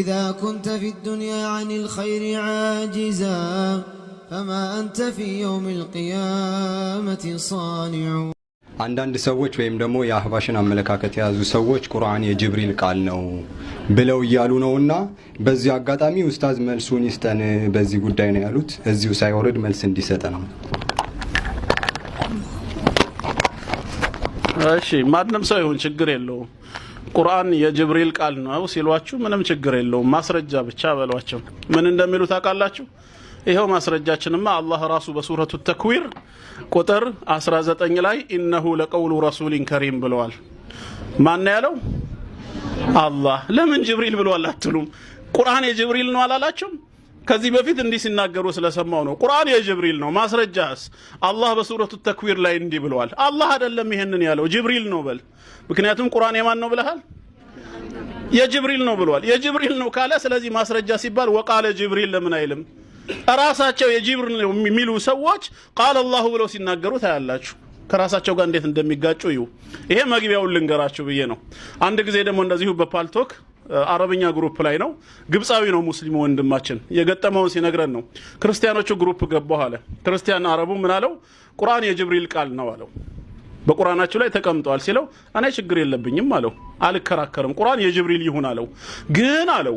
إذا كنت في الدنيا عن الخير عاجزا فما أنت في يوم القيامة صانع አንዳንድ ሰዎች ወይም ደግሞ የአህባሽን አመለካከት የያዙ ሰዎች ቁርአን የጅብሪል ቃል ነው ብለው እያሉ ነውና በዚህ አጋጣሚ ኡስታዝ መልሱን ይስጠን። በዚህ ጉዳይ ነው ያሉት። እዚሁ ሳይወርድ መልስ እንዲሰጠ ነው። እሺ፣ ማንም ሰው ይሁን ችግር የለውም። ቁርአን የጅብሪል ቃል ነው ሲሏችሁ ምንም ችግር የለውም። ማስረጃ ብቻ በሏቸው። ምን እንደሚሉ ታውቃላችሁ? ይኸው ማስረጃችንማ አላህ ራሱ በሱረቱ ተክዊር ቁጥር 19 ላይ ኢነሁ ለቀውሉ ረሱሊን ከሪም ብለዋል። ማን ያለው? አላህ። ለምን ጅብሪል ብለዋል አትሉም? ቁርአን የጅብሪል ነው አላላችሁም? ከዚህ በፊት እንዲህ ሲናገሩ ስለሰማው ነው። ቁርአን የጅብሪል ነው። ማስረጃስ አላህ በሱረቱ ተክዊር ላይ እንዲህ ብለዋል። አላህ አይደለም ይሄንን ያለው ጅብሪል ነው በል። ምክንያቱም ቁርአን የማን ነው ብለሃል? የጅብሪል ነው ብለዋል። የጅብሪል ነው ካለ ስለዚህ ማስረጃ ሲባል ወቃለ ጅብሪል ለምን አይልም? ራሳቸው የጅብሪል ነው የሚሉ ሰዎች ቃለ አላሁ ብለው ሲናገሩ ታያላችሁ። ከራሳቸው ጋር እንዴት እንደሚጋጩ እዩ። ይሄ መግቢያውን ልንገራችሁ ብዬ ነው። አንድ ጊዜ ደግሞ እንደዚሁ በፓልቶክ አረበኛ ግሩፕ ላይ ነው። ግብፃዊ ነው ሙስሊሙ ወንድማችን የገጠመውን ሲነግረን ነው። ክርስቲያኖቹ ግሩፕ ገባሁ አለ። ክርስቲያን አረቡ ምን አለው? ቁርአን የጅብሪል ቃል ነው አለው። በቁርአናችሁ ላይ ተቀምጧል ሲለው እኔ ችግር የለብኝም አለው። አልከራከርም፣ ቁርአን የጅብሪል ይሁን አለው። ግን አለው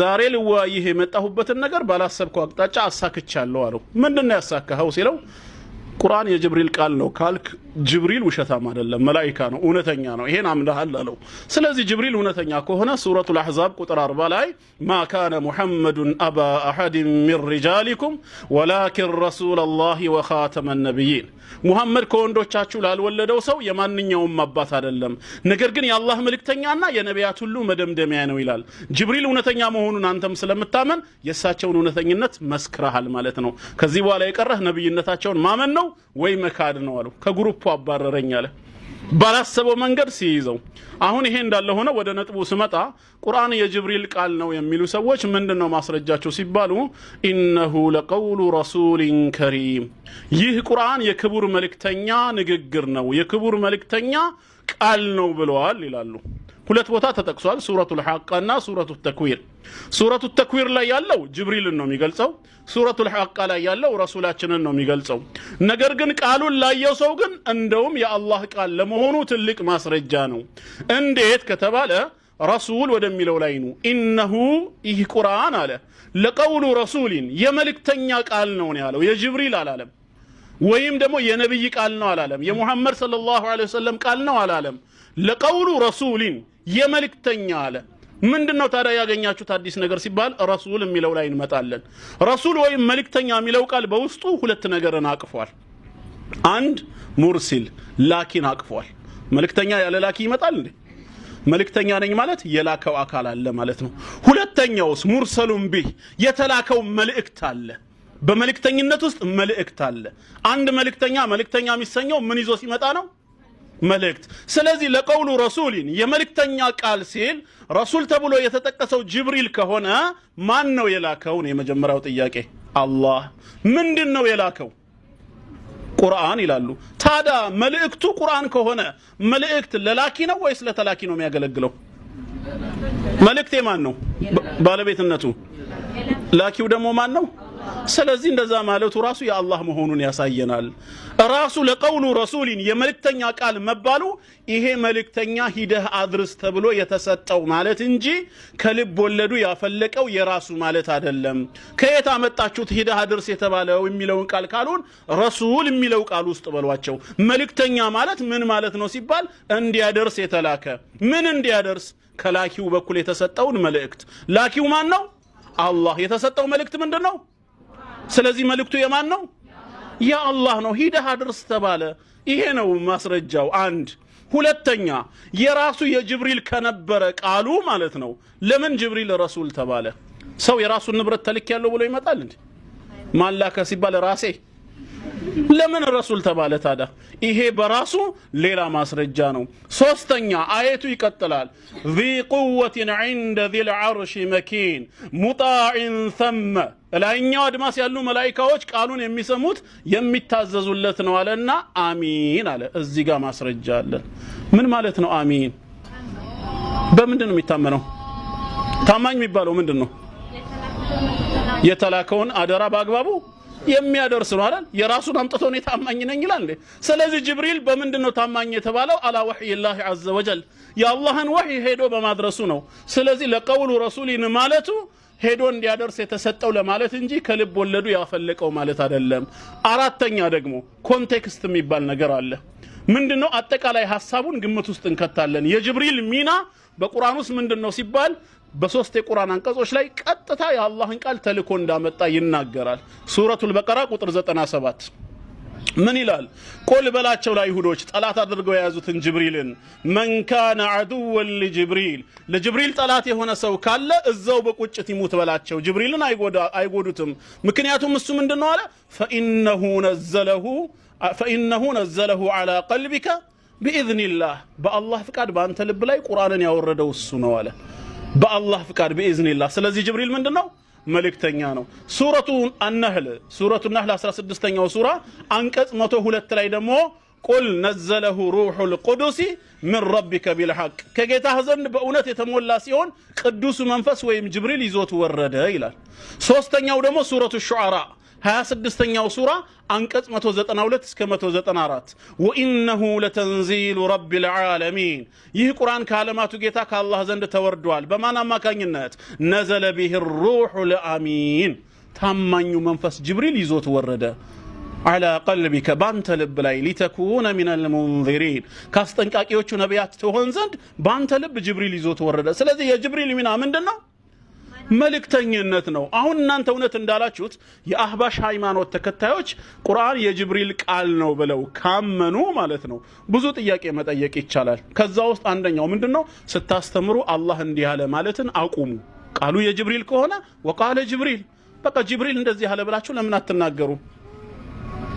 ዛሬ ልወያይህ የመጣሁበትን ነገር ባላሰብከው አቅጣጫ አሳክቻለሁ አለው። ምንድን ነው ያሳካኸው ሲለው ቁርአን የጅብሪል ቃል ነው ካልክ ጅብሪል ውሸታም አይደለም፣ መላይካ ነው፣ እውነተኛ ነው። ይሄን አምልሃል አለው። ስለዚህ ጅብሪል እውነተኛ ከሆነ ሱረቱ አሕዛብ ቁጥር 40 ላይ ማ ካነ ሙሐመዱን አባ አሐድን ሚን ሪጃሊኩም ወላኪን ረሱለላሂ ወኻተመ ነቢይን፣ ሙሐመድ ከወንዶቻችሁ ላልወለደው ሰው የማንኛውም አባት አይደለም፣ ነገር ግን የአላህ መልእክተኛና የነቢያት ሁሉ መደምደሚያ ነው ይላል። ጅብሪል እውነተኛ መሆኑን አንተም ስለምታመን የእሳቸውን እውነተኝነት መስክረሃል ማለት ነው። ከዚህ በኋላ የቀረህ ነቢይነታቸውን ማመን ነው። ነው ወይ መካድ ነው አለው። ከግሩፑ አባረረኝ አለ። ባላሰበው መንገድ ሲይዘው። አሁን ይሄ እንዳለ ሆነ ወደ ነጥቡ ስመጣ ቁርአን የጅብሪል ቃል ነው የሚሉ ሰዎች ምንድን ነው ማስረጃቸው ሲባሉ ኢነሁ ለቀውሉ ረሱሊን ከሪም፣ ይህ ቁርአን የክቡር መልእክተኛ ንግግር ነው፣ የክቡር መልእክተኛ ቃል ነው ብለዋል ይላሉ። ሁለት ቦታ ተጠቅሷል ሱረቱ ልሐቃ እና ሱረቱ ተክዊር ሱረቱ ተክዊር ላይ ያለው ጅብሪልን ነው የሚገልጸው ሱረቱ ልሐቃ ላይ ያለው ረሱላችንን ነው የሚገልጸው ነገር ግን ቃሉን ላየው ሰው ግን እንደውም የአላህ ቃል ለመሆኑ ትልቅ ማስረጃ ነው እንዴት ከተባለ ረሱል ወደሚለው ላይ ነው ኢነሁ ይህ ቁርአን አለ ለቀውሉ ረሱሊን የመልእክተኛ ቃል ነው ያለው የጅብሪል አላለም ወይም ደግሞ የነቢይ ቃል ነው አላለም የሙሐመድ ሰለላሁ ዐለይሂ ወሰለም ቃል ነው አላለም ለቀውሉ ረሱሊን የመልእክተኛ አለ። ምንድን ነው ታዲያ ያገኛችሁት አዲስ ነገር ሲባል ረሱል የሚለው ላይ እንመጣለን። ረሱል ወይም መልእክተኛ የሚለው ቃል በውስጡ ሁለት ነገርን አቅፏል። አንድ ሙርሲል ላኪን አቅፏል። መልእክተኛ ያለ ላኪ ይመጣል እንዴ? መልእክተኛ ነኝ ማለት የላከው አካል አለ ማለት ነው። ሁለተኛውስ ሙርሰሉን ቢህ የተላከው መልእክት አለ። በመልእክተኝነት ውስጥ መልእክት አለ። አንድ መልእክተኛ መልእክተኛ የሚሰኘው ምን ይዞ ሲመጣ ነው? መልእክት ስለዚህ ለቀውሉ ረሱሊን የመልእክተኛ ቃል ሲል ረሱል ተብሎ የተጠቀሰው ጅብሪል ከሆነ ማን ነው የላከው ነው የመጀመሪያው ጥያቄ አላህ ምንድን ነው የላከው ቁርአን ይላሉ ታዲያ መልእክቱ ቁርአን ከሆነ መልእክት ለላኪ ነው ወይስ ለተላኪ ነው የሚያገለግለው መልእክት የማን ነው ባለቤትነቱ ላኪው ደግሞ ማን ነው ስለዚህ እንደዛ ማለቱ ራሱ የአላህ መሆኑን ያሳየናል። ራሱ ለቀውሉ ረሱሊን የመልእክተኛ ቃል መባሉ ይሄ መልእክተኛ ሂደህ አድርስ ተብሎ የተሰጠው ማለት እንጂ ከልብ ወለዱ ያፈለቀው የራሱ ማለት አይደለም። ከየት አመጣችሁት ሂደህ አድርስ የተባለው የሚለውን ቃል ካልሆን ረሱል የሚለው ቃል ውስጥ በሏቸው። መልእክተኛ ማለት ምን ማለት ነው ሲባል እንዲያደርስ የተላከ ምን እንዲያደርስ ከላኪው በኩል የተሰጠውን መልእክት። ላኪው ማን ነው? አላህ። የተሰጠው መልእክት ምንድን ነው? ስለዚህ መልእክቱ የማን ነው? የአላህ ነው። ሂደህ አድርስ ተባለ። ይሄ ነው ማስረጃው። አንድ ሁለተኛ የራሱ የጅብሪል ከነበረ ቃሉ ማለት ነው። ለምን ጅብሪል ረሱል ተባለ? ሰው የራሱን ንብረት ተልክ ያለው ብሎ ይመጣል እንዴ? ማላከ ሲባል ራሴ ለምን ረሱል ተባለ ታዳ? ይሄ በራሱ ሌላ ማስረጃ ነው። ሶስተኛ አየቱ ይቀጥላል። ዚ ቁወትን ዒንደ ዚል ዐርሽ መኪን ሙጣዕን ሰመ ላይኛው አድማስ ያሉ መላይካዎች ቃሉን የሚሰሙት የሚታዘዙለት ነው አለና አሚን አለ። እዚህ ጋር ማስረጃ አለ። ምን ማለት ነው አሚን? በምንድን ነው የሚታመነው? ታማኝ የሚባለው ምንድን ነው? የተላከውን አደራ በአግባቡ የሚያደርስ ነው አይደል? የራሱን አምጥቶ እኔ ታማኝ ነኝ ይላል። ስለዚህ ጅብሪል በምንድን ነው ታማኝ የተባለው? አላ ወሕይላህ አዘ ወጀል የአላህን ወሕይ ሄዶ በማድረሱ ነው። ስለዚህ ለቀውሉ ረሱሊን ማለቱ ሄዶ እንዲያደርስ የተሰጠው ለማለት እንጂ ከልብ ወለዱ ያፈለቀው ማለት አይደለም። አራተኛ ደግሞ ኮንቴክስት የሚባል ነገር አለ። ምንድን ነው? አጠቃላይ ሀሳቡን ግምት ውስጥ እንከታለን። የጅብሪል ሚና በቁርአን ውስጥ ምንድን ነው ሲባል በሶስት የቁርአን አንቀጾች ላይ ቀጥታ የአላህን ቃል ተልኮ እንዳመጣ ይናገራል። ሱረቱል በቀራ ቁጥር 97 ምን ይላል? ቆል በላቸው ለአይሁዶች ጠላት አድርገው የያዙትን ጅብሪልን መን ካነ ዐዱወን ሊጅብሪል ለጅብሪል ጠላት የሆነ ሰው ካለ እዛው በቁጭት ይሙት በላቸው። ጅብሪልን አይጎዱትም። ምክንያቱም እሱ ምንድን ነው አለ? ፈኢነሁ ነዘለሁ ዓላ ቀልቢከ ቢኢዝኒላህ በአላህ ፍቃድ በአንተ ልብ ላይ ቁርአንን ያወረደው እሱ ነው አለ። بالله فكار بإذن الله سلزي جبريل من دنو ملك تنيانو سورة النهل سورة النهل أسرى سدس تنيانو سورة أنكت متوه للتلايدمو قل نزله روح القدس من ربك بالحق كجيت هزن بأونات يتمول لاسيون قدوس منفس ويم جبريل يزوت ورده سوستن يودمو سورة الشعراء هيا سدستن يوصورة أنكت متوزت أنا ولتس كمتوزت أنا رات وإنه لتنزيل رب العالمين يه قرآن كالمات قيتاك الله زند توردوال بمانا ما كان نزل به الروح لأمين تمن يمنفس جبريل يزوت ورده على قلبك بانت لب لاي لتكون من المنذرين كاستنك اكيوچو نبيات تهون زند بانت لب جبريل يزوت ورده سلزي يا جبريل من آمن መልእክተኝነት ነው። አሁን እናንተ እውነት እንዳላችሁት የአህባሽ ሃይማኖት ተከታዮች ቁርአን የጅብሪል ቃል ነው ብለው ካመኑ ማለት ነው ብዙ ጥያቄ መጠየቅ ይቻላል። ከዛ ውስጥ አንደኛው ምንድን ነው? ስታስተምሩ አላህ እንዲህ አለ ማለትን አቁሙ። ቃሉ የጅብሪል ከሆነ ወቃለ ጅብሪል፣ በቃ ጅብሪል እንደዚህ ያለ ብላችሁ ለምን አትናገሩ?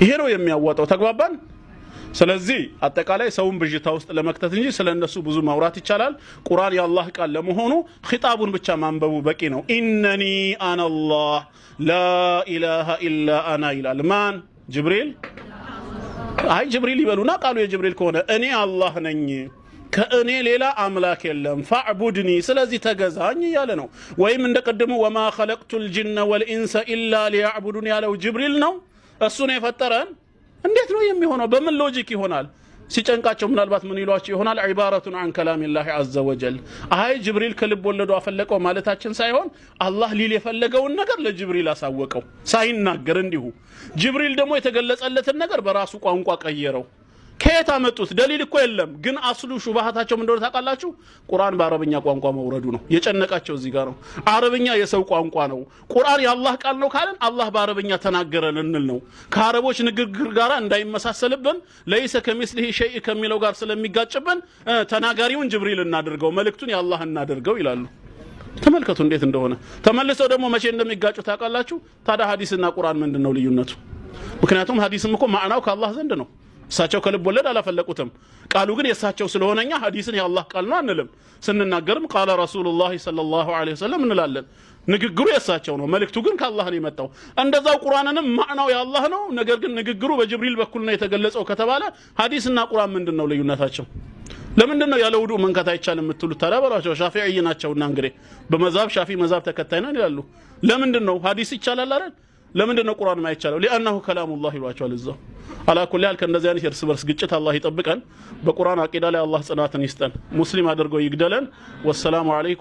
ይሄ ነው የሚያወጣው። ተግባባን? سلزي أتكالي سوون بجي تاوست لمكتتنجي سلن نسو بزو موراتي چلال قرآن يا الله قال لمهونو خطابون بچا منببو بكينو إنني أنا الله لا إله إلا أنا إلا المان جبريل هاي جبريل يبلونا قالوا يا جبريل كونة أني الله نني كأني ليلا أملاك اللهم فاعبدني سلزي تغزاني يا لنو وإيم اندقدمو وما خلقت الجن والإنس إلا ليعبدوني على جبريل نو السنة فتران እንዴት ነው የሚሆነው? በምን ሎጂክ ይሆናል? ሲጨንቃቸው ምናልባት ምን ይሏቸው ይሆናል? ዒባረቱን አን ከላሚላሂ አዘ ወጀል። አይ ጅብሪል ከልብ ወለዶ አፈለቀው ማለታችን ሳይሆን አላህ ሊል የፈለገውን ነገር ለጅብሪል አሳወቀው ሳይናገር እንዲሁ። ጅብሪል ደግሞ የተገለጸለትን ነገር በራሱ ቋንቋ ቀየረው። ከየት አመጡት? ደሊል እኮ የለም። ግን አስሉ ሹባሃታቸው እንደሆነ ታውቃላችሁ? ቁርአን በአረብኛ ቋንቋ መውረዱ ነው የጨነቃቸው። እዚህ ጋር ነው። አረብኛ የሰው ቋንቋ ነው። ቁርአን የአላህ ቃል ነው ካለን አላህ በአረብኛ ተናገረ ልንል ነው። ከአረቦች ንግግር ጋር እንዳይመሳሰልብን ለይሰ ከሚስልህ ሸይ ከሚለው ጋር ስለሚጋጭብን ተናጋሪውን ጅብሪል እናደርገው፣ መልእክቱን የአላህ እናደርገው ይላሉ። ተመልከቱ እንዴት እንደሆነ። ተመልሰው ደግሞ መቼ እንደሚጋጩ ታውቃላችሁ? ታዲያ ሀዲስና ቁርአን ምንድን ነው ልዩነቱ? ምክንያቱም ሀዲስም እኮ ማዕናው ከአላህ ዘንድ ነው። እሳቸው ከልብ ወለድ አላፈለቁትም። ቃሉ ግን የእሳቸው ስለሆነኛ ሀዲስን የአላህ ቃል ነው አንልም። ስንናገርም ቃለ ረሱሉላህ ሰለላሁ ዐለይሂ ወሰለም እንላለን። ንግግሩ የእሳቸው ነው፣ መልእክቱ ግን ከአላህ ነው የመጣው። እንደዛው ቁርአንንም ማዕናው የአላህ ነው፣ ነገር ግን ንግግሩ በጅብሪል በኩል ነው የተገለጸው ከተባለ ሀዲስና ቁርአን ምንድን ነው ልዩነታቸው? ለምንድን ነው ያለ ውዱእ መንካት አይቻልም የምትሉት ታዲያ በሏቸው። ሻፊዕይ ናቸውና እንግዲህ በመዛብ ሻፊ መዛብ ተከታይ ነን ይላሉ። ለምንድን ነው ሀዲስ ይቻላል አይደል? ለምንድን ነው ቁርአን ማይቻለው ሊአናሁ ከላሙላህ ይሏቸዋል እዛው አላኩል ያል ከእንደዚህ አይነት የእርስ በርስ ግጭት አላህ ይጠብቀን በቁርአን አቂዳ ላይ አላህ ጽናትን ይስጠን ሙስሊም አድርገው ይግደለን ወሰላሙ አለይኩም